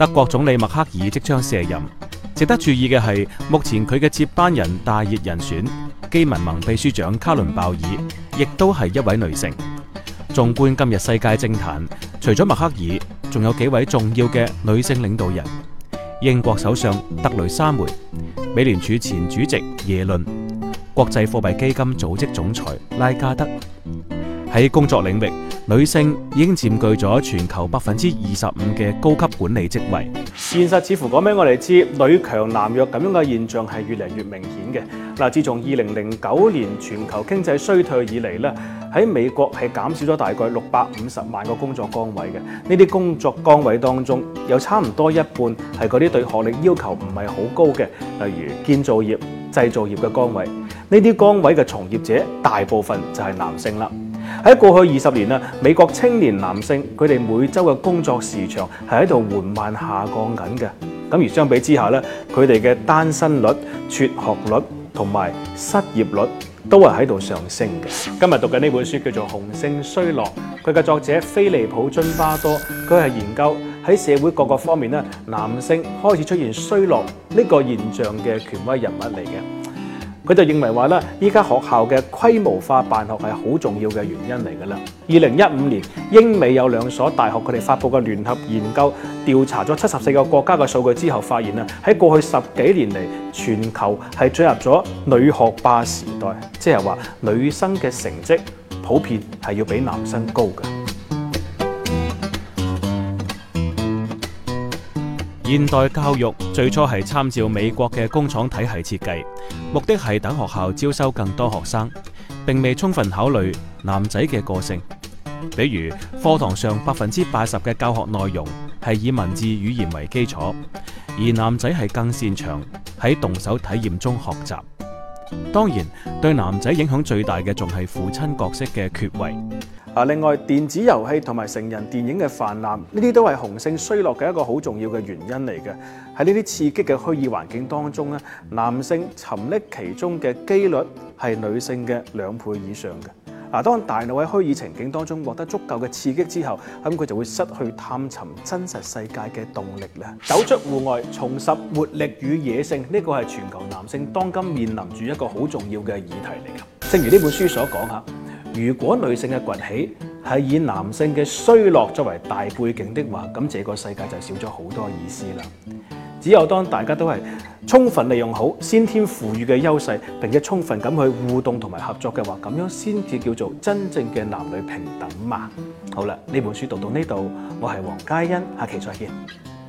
德國總理默克爾即將卸任，值得注意嘅係，目前佢嘅接班人大熱人選基民盟祕書長卡倫鮑爾，亦都係一位女性。縱觀今日世界政壇，除咗默克爾，仲有幾位重要嘅女性領導人：英國首相特雷莎梅、美聯儲前主席耶倫、國際貨幣基金組織總裁拉加德。喺工作領域，女性已經佔據咗全球百分之二十五嘅高級管理職位。現實似乎講俾我哋知，女強男弱咁樣嘅現象係越嚟越明顯嘅。嗱，自從二零零九年全球經濟衰退以嚟咧，喺美國係減少咗大概六百五十萬個工作崗位嘅。呢啲工作崗位當中，有差唔多一半係嗰啲對學歷要求唔係好高嘅，例如建造業、製造業嘅崗位。呢啲崗位嘅從業者大部分就係男性啦。喺過去二十年啦，美國青年男性佢哋每周嘅工作時長係喺度緩慢下降緊嘅。咁而相比之下咧，佢哋嘅單身率、輟學率同埋失業率都係喺度上升嘅。今日讀緊呢本書叫做《雄性衰落》，佢嘅作者菲利普·津巴多，佢係研究喺社會各個方面咧男性開始出現衰落呢個現象嘅權威人物嚟嘅。佢就認為話咧，依家學校嘅規模化辦學係好重要嘅原因嚟㗎啦。二零一五年，英美有兩所大學佢哋發布嘅聯合研究，調查咗七十四個國家嘅數據之後，發現啊，喺過去十幾年嚟，全球係進入咗女學霸時代，即係話女生嘅成績普遍係要比男生高嘅。現代教育最初係參照美國嘅工廠體系設計，目的係等學校招收更多學生，並未充分考慮男仔嘅個性。比如課堂上百分之八十嘅教學內容係以文字語言為基礎，而男仔係更擅長喺動手體驗中學習。當然，對男仔影響最大嘅仲係父親角色嘅缺位。啊！另外，電子遊戲同埋成人電影嘅泛濫，呢啲都係雄性衰落嘅一個好重要嘅原因嚟嘅。喺呢啲刺激嘅虛擬環境當中咧，男性沉溺其中嘅幾率係女性嘅兩倍以上嘅。嗱，當大腦喺虛擬情境當中獲得足夠嘅刺激之後，咁佢就會失去探尋真實世界嘅動力咧。走出戶外，重拾活力與野性，呢個係全球男性當今面臨住一個好重要嘅議題嚟嘅。正如呢本書所講嚇。如果女性嘅崛起係以男性嘅衰落作為大背景的話，咁這個世界就少咗好多意思啦。只有當大家都係充分利用好先天賦予嘅優勢，並且充分咁去互動同埋合作嘅話，咁樣先至叫做真正嘅男女平等嘛。好啦，呢本書讀到呢度，我係黃嘉欣，下期再見。